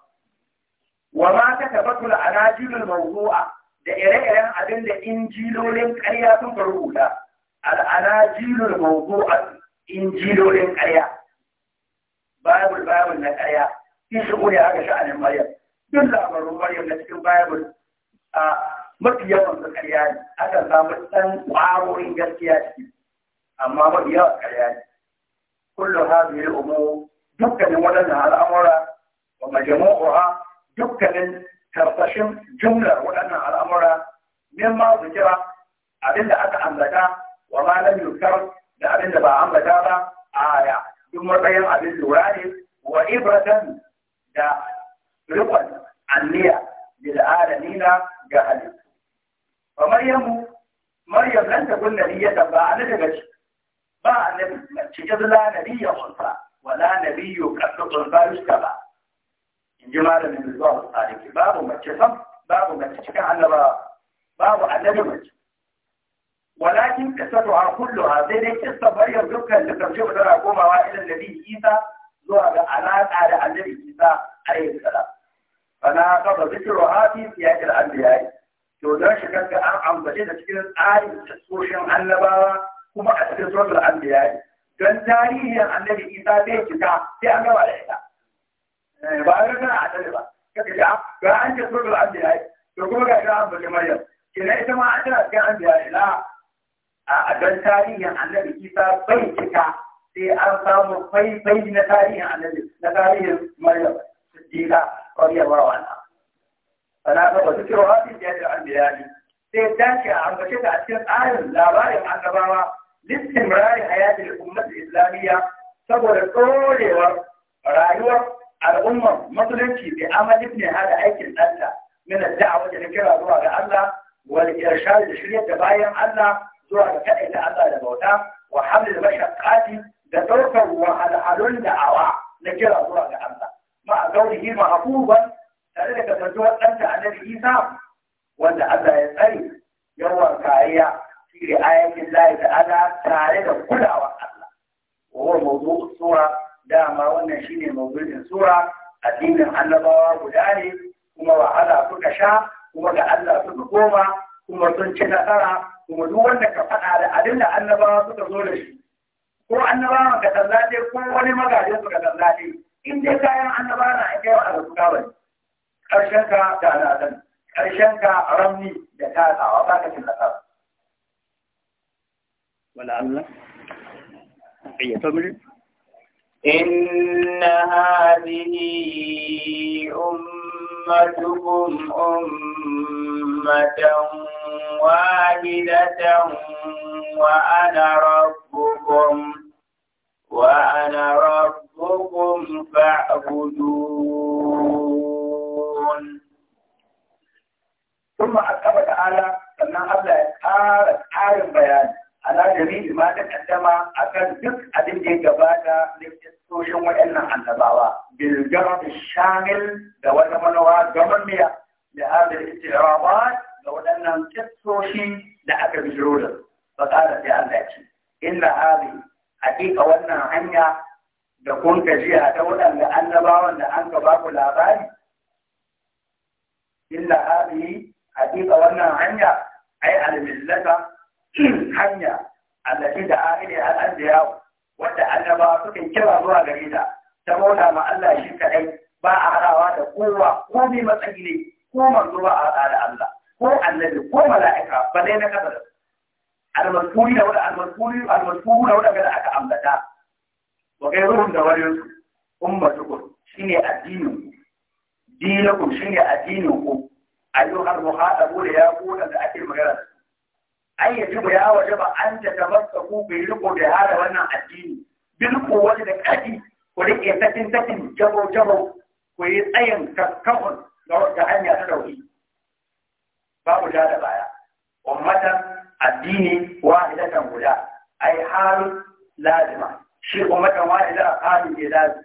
wa ma katabatul anajilul mawdu'a da ire-iren abin da injilolin ƙarya sun faru rubuta al'ana jilul a injilolin ƙarya babul babul na ƙarya sun fi shughuli haka sha'anin maryam duk labarun maryam na cikin babul a mafi yawan su ƙarya ne akan samu ɗan ƙwarorin gaskiya ciki amma mafi yawan ƙarya ne Kullum hadhihi al-umur dukkanin waɗannan al'amura wa majmu'uha dukkanin karkashin jumlar waɗannan al'amura mimma zikira abinda aka ambata wa ma lam yukar da abinda ba ambata ba aya duk matsayin abin lura ne wa ibratan da rikon anniya lil alamina ga halittu fa maryamu maryam lan takun nabiyatan ba an daga ci ba annabi cike da nabiyya kunta wala nabiyyu qad tunta ba in ji malamin zuwa su tsariki babu mace sam babu mace cikin annaba babu annabi mace walakin kasatuha kulluha sai dai kissa maryam dukkan da karshe tana komawa ila nabi isa zuwa ga alaka da annabi isa alayhi salam fana qaba zikruha fi siyaqil anbiya to dan shi kanka an ambace da cikin tsarin tsoshin annabawa kuma a cikin suratul anbiya dan tarihin annabi isa bai cika sai an gaba da ita ba a rana a tare ba kaka ga ga an ce so da an biya to kuma ga ina an bace maryam kina ita ma an tana cikin an biya ila a dan tarihin annabi isa bai cika sai an samu faifai na tarihin annabi na tarihin maryam siddiqa radiyallahu anha fala ta wasu kiro hadin da ya an biya ni sai dace a ambace ta a cikin tsarin labarin annabawa listimrari hayatul ummatul islamiyya saboda tsorewar rayuwar al'ummar musulunci bai amalin ne hada aikin ɗanta min da'awa da kira zuwa ga Allah wal irshad da shirya da bayan Allah zuwa ga kaɗai da Allah da bauta wa da mashaqqati da ɗaukar wahalhalun da'awa na kira zuwa ga Allah ma a gaurihi abubuwan sura addinin annabawa guda ne kuma wa Allah suka sha kuma ga Allah suka koma kuma sun ci nasara kuma duk wanda ka faɗa da abin da annabawa suka zo da shi ko annabawa ka tallace ko wani magajin suka tallace in dai kayan annabawa na ake wa azuka bane karshen ka da aladan karshen ka ramni da ta tsawa ba ka cin nasara wala Allah ayyato mini أمة واحدة Ka ba ku labari illa hadihi hakika wannan hanya ai almillata hanya allati da ahli al-anbiya wadda annaba suka kira zuwa gare ta ta mona ma Allah shi kadai ba a harawa da kowa ko mai matsayi ne ko manzo ba a da Allah ko annabi ko mala'ika ba dai na kasar al da wanda al-mazkuri da aka ambata wa kai ruhun da wani ummatukum shine addinin dinakum shine addinin ku mu muhadabu da ya ku da ake magana ai yaji ku ya ba an ta ku bi riko da hada wannan addini bil ku wani da kadi ku rike tatin tatin jabo jabo ku yi tsayin kakkahun ga wata hanya ta dauki babu da da baya ummatan addini wahidatan guda ai halu lazima shi ummatan wahida halu ke lazima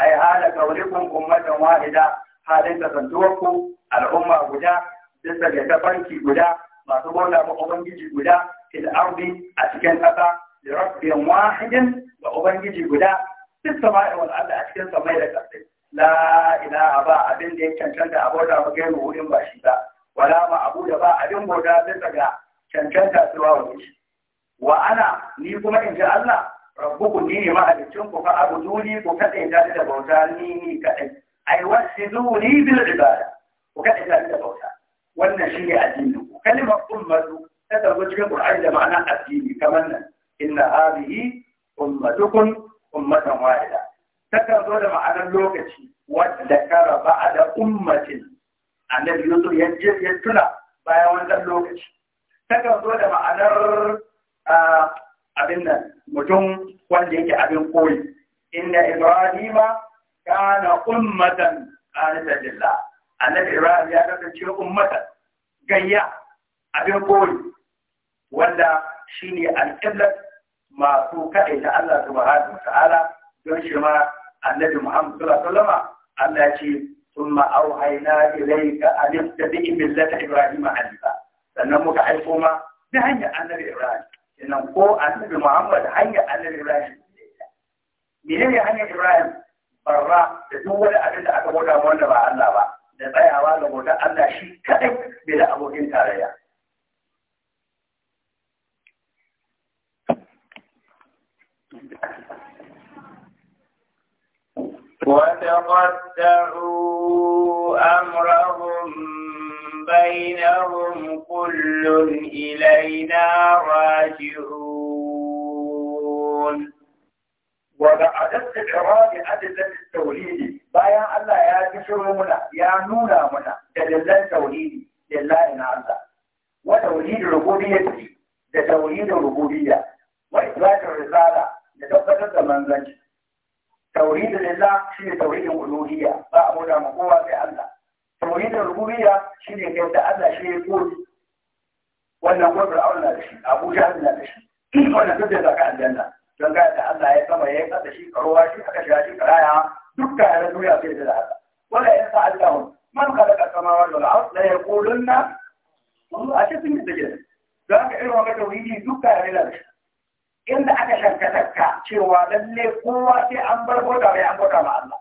ai hala kaurikum ummatan wahida halin kasantuwarku al'umma guda bisa ga tafarki guda masu bauta ma ubangiji guda fil ardi a cikin ƙasa da rabbin wahidin ga ubangiji guda duk sama'i wal ardi a cikin samai da ƙasa la ilaha ba abin da ya cancanta a bauta ma gairu wurin ba shi ba wala ma abu da ba abin bauta bisa ga cancanta suwa wani shi wa ana ni kuma in ji Allah rabbuku ni ne mahalicin ku fa abuduni ku kadai ta bauta ni ni kadai ai wasiluni bil ibada ku kadai ta da bauta wannan shine addini ku kalmar ummatu ta tarbo cikin qur'ani da ma'ana addini kamar nan inna hadhihi ummatukum ummatan wahida ta tarbo da ma'anar lokaci wanda kara ba'da ummatin annabi yusuf bayan wannan lokaci ta da ma'anar ah, abin nan mutum wanda yake abin koyi inna ibrahima kana ummatan qanita lillah annabi ibrahim ya kasance ummatan gayya abin koyi wanda shine ma masu kai ta Allah subhanahu ta'ala don shi ma annabi Muhammad sallallahu alaihi wasallam Allah ya ce thumma awhayna ilayka an tabi'i millata ibrahima hanifa sannan muka aiko ma da hanyar annabi ibrahim sannan ko annabi Muhammad hanyar annabi Ibrahim ne hanyar Ibrahim barra da duk wani abin da aka gwada wanda ba Allah ba da tsayawa ga bautar Allah shi kadai bai da abokin tarayya وتقطعوا أمرهم بينهم كل إلينا راجعون وبعد الإرادة أدلة التوليد بايا الله يا جسر منا يا نونا منا دلل التوليد لله إن الله وتوليد الربوبية لتوليد الربوبية وإثبات الرسالة لتبقى المنزل توحيد لله شيء توحيد الألوهية فأمر مقوى في الله tauhidin rububiyya shine da Allah shi ya kodi wannan ko Fir'aun na da shi Abu Jahl na da shi wannan duk da zaka aljanna don ga da Allah ya sama ya kada shi karuwa shi aka shiga shi karaya duk da ya duniya sai da haka wala in sa'altahum man khalaqa samawati wal ardh la yaqulunna wallahu a cikin da gidan don ka irin wannan tauhidi duk da ya da shi inda aka shankatarka cewa lalle kowa sai an bar bota mai an bota ma Allah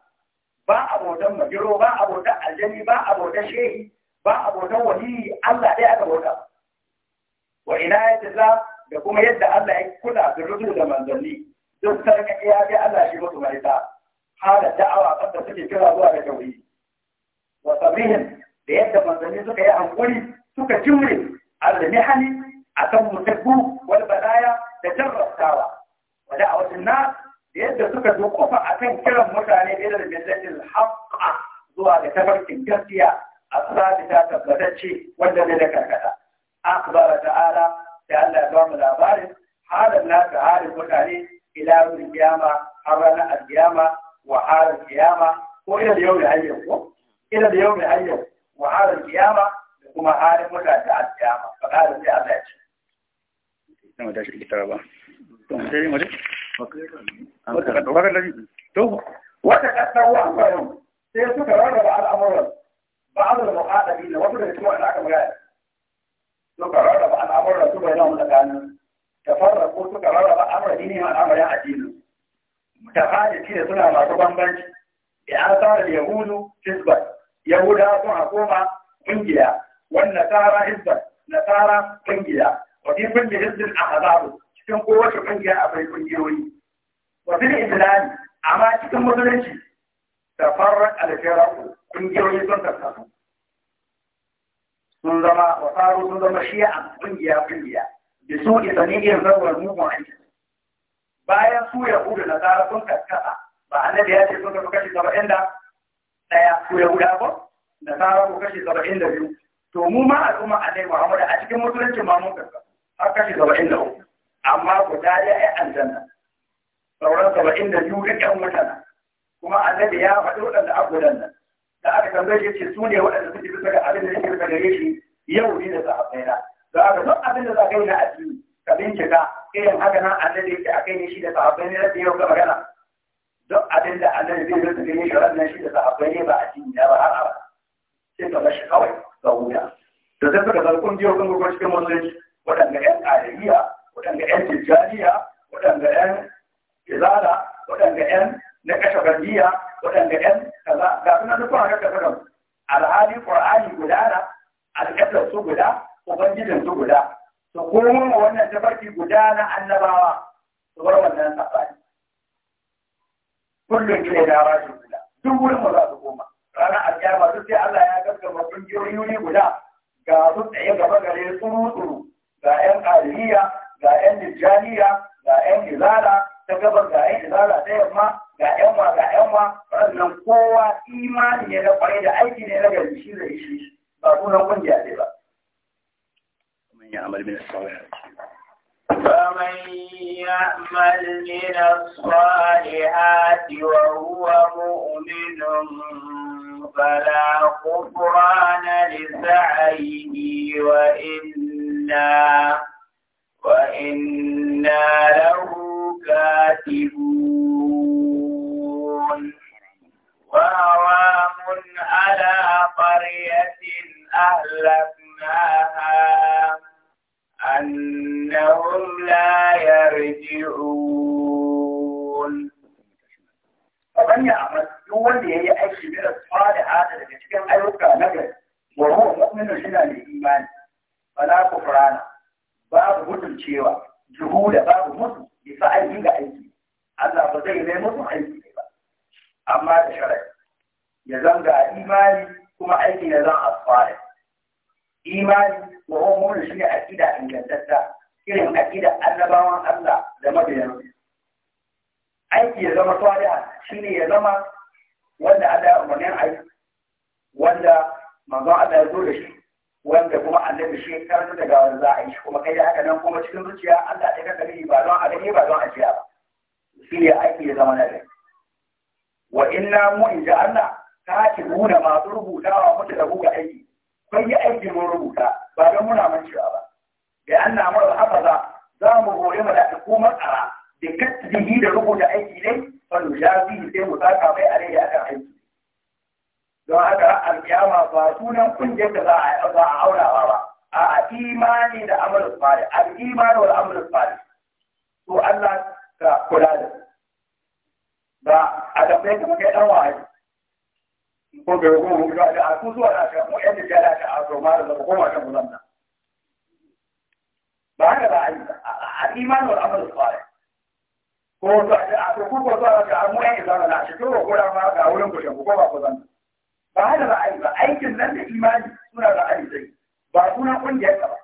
ba abotan magiro ba abotan aljani ba abotan shehi ba abotan waliyi Allah ɗaya aka bauta wa ina ya tasa da kuma yadda Allah ya kula da rudu da manzanni duk sarka ya ga Allah shi mutu mai ta hala da'awa kanta suke kira zuwa da tauhidi wa sabrihin da yadda manzanni suka yi hankuri suka jure al-mihani akan mutabbu wal balaya da jarrabtawa wa da'awatun nas yadda suka kofa a kan kiran mutane ila da misalin haƙa zuwa da tafarkin gaskiya a ta tabbatacce wanda zai da karkata. Akbar ta'ala da Allah ya ba mu labarin halin na da halin mutane ila wurin kiyama har ranar alkiyama wa halin kiyama ko ila da yau da hanyar ko ila da yau da hanyar wa halin kiyama da kuma halin mutane alkiyama fa halin da Allah ya ce. wata sai suka rarraba al'amuran ba'ad rarraba al'amuran tsakanin rarraba addini mutahadisi da suna masu bambanci da an yahudu hizbat yahuda sun hakoma kungiya wani nasara hizbat nasara kungiya wa fi kulli hizbin cikin kowace kungiya akwai kungiyoyi wa fil islam amma cikin musulunci tafarra al-firaq ƙungiyoyi sun karkasu sun zama wa faru sun zama shi a kungiya kungiya da su ne iya zarwar mugun aiki bayan su ya hudu na tsara sun kaskasa ba annabi ya ce sun tafi kashi saba'in da ɗaya su ya hudu ko na tsara ko kashi saba'in da biyu to mu ma al'umma annabi muhammadu a cikin musulunci ma mun karkasa har kashi saba'in da uku amma ku ta yi aljanna sauran saba'in da biyu duk ƴan mutane kuma annabi ya faɗi waɗanda abu nan da aka tambaye shi ce su ne waɗanda suke bisa ga abin da yake bisa gare shi yau ne da sahabbai na da aka duk abin da za a yi na addini ka bincika irin haka nan annabi yake akai ne shi da sahabbai ne da yau ga magana duk abin da annabi zai bisa gare shi wannan shi da sahabbai ne ba a addini ba har abada sai ka shi kawai ga wuya da zai suka zarkun biyo kan gurgurci cikin musulunci waɗanda ƴan ƙadiriya waɗanda 'yan tijjaniya waɗanda 'yan izala waɗanda ‘yan na kashe gajiya waɗanda ‘yan kaza ga suna duk kuna kashe kasan alhali ƙur'ani guda na alƙasar su guda ubangijin su guda su ma wannan tafarki guda na annabawa su bar wannan saɓani kullum ke da rashin guda duk wurin mu za su koma ranar alƙiyama duk sai Allah ya gaggama ƙungiyoyi guda ga su tsaye gaba gare tsuru tsuru ga 'yan ƙaliliya ga 'yan nijjaniya ga 'yan izala ta gabar ga yan ta yamma ga yanwa ga yanwa sannan kowa imani ne na kwarai da aiki ne na gari shi zai shi ba sunan kungiya ne ba. فمن يعمل من الصالحات وهو مؤمن فلا كفران لسعيه وإنا وإنا له كاتبون وعوام على قرية أهلكناها أنهم لا يرجعون فمن يعمل دون يأتي من الصالحات التي تكون أيوكا نجد وهو مؤمن هنا للإيمان فلا كفران باب مدن شيوا جهود باب مدن ki sa aiki da aiki Allah ba zai nemi mutum aiki ne ba amma da sharai ya zanga imani kuma aiki ya zan asfare imani wa umuru shi ne aqida ingantatta irin aqida annabawan Allah da mabiyan aiki ya zama salih shine ya zama wanda Allah ya umarni aiki wanda manzon Allah ya zo da shi wanda kuma annabi shi ya karanta daga wanda za a yi shi kuma kai da haka nan kuma cikin zuciya Allah ya kasa gani ba don a gani ba don a jiya ba shi ne aiki ya zama nagari wa inna mu in ji Allah kake nuna masu rubutawa mutu da buga aiki kun yi aiki mun rubuta ba don muna mancewa ba da an na mara za mu goyi mu da hukumar tsara da kattihi da rubuta aiki ne fa nujazi sai mu saka mai a da akan aiki don haka alƙiyama ba sunan kungiyar da za a za a aunawa ba a imani da amal salih al imani wal amal salih to Allah ka kula da ba a da kai kuma kai dan wahayi ko ga ko mu ga da ku zuwa da ka mu yadda da da a to ma da ko ma ta mulan ba da ba al imani wal amal salih ko to a ko ko zuwa da mu yadda da shi to ko da ma ga wurin ku ko ba ku zanna ba da ra'ayi ba aikin nan da imani suna ra'ayi zai ba suna kungiyar ba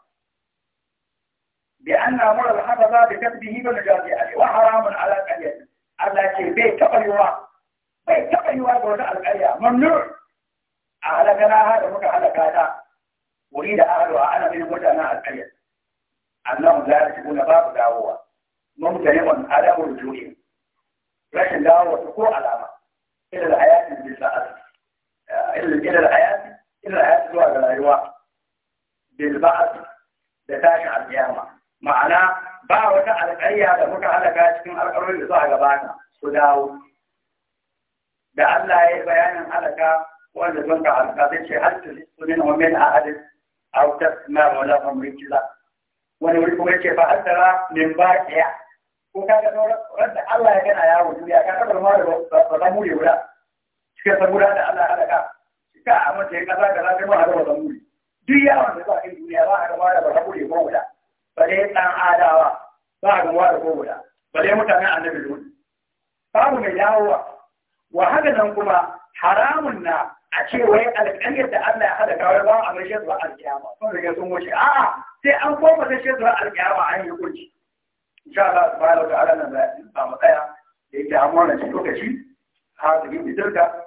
bi anna mura al-hafaza bi kasbihi wa najati wa haramun ala qaryati Allah ce bai taba yiwa bai taba yiwa ga wani alƙarya mamnur a halaka na hada muka halaka ta wuri da ahlu ana bin mutanen alƙarya annahu la yasbuna babu dawowa mumtani'un adamu rujui rashin dawowa ko alama ila al-hayati bil sa'ati إلى الحياة إلى الحياة zuwa ga rayuwa bil da tashin alƙiyama ma'ana ba wata alƙarya da muka halaka cikin alƙarorin da suka gabata su dawo da Allah ya yi bayanin halaka wanda sun ka halaka sai ce har su sunin wamin a adin autar na wala amurkila wani wuri kuma ce ba a tsara min ba ko Allah ya gana yawo duniya ka kabar ma da ba za wuda cikin saboda da Allah halaka ka a mace kasa da zafi ba a gaba zan wuri duk yawon da za duniya ba a gaba da ba ta wuri ko guda ba dai ɗan adawa ba a gaba da ko guda ba dai mutanen annabi lulu babu mai dawowa wa haka nan kuma haramun na a ce wai alƙaryar da Allah ya hada kawai ba a mai shezuwa alƙiyama sun rage sun wuce a'a sai an koma ta shezuwa alƙiyama an yi kunci insha Allah subhanahu wa ta'ala nan ba mu tsaya da yake amma wannan lokaci ha da yin bidirka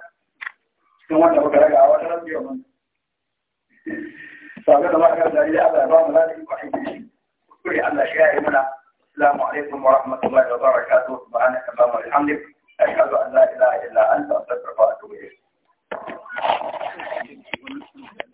sun wanda muka raga a wata rasu yau mana sabu da maka da ya Allah ba mu lafiya ko aiki shi kuri Allah shi ya yi mana assalamu alaikum wa rahmatullahi wa barakatuh subhanaka allahumma wa bihamdik ashhadu an la ilaha illa anta astaghfiruka wa atubu ilayk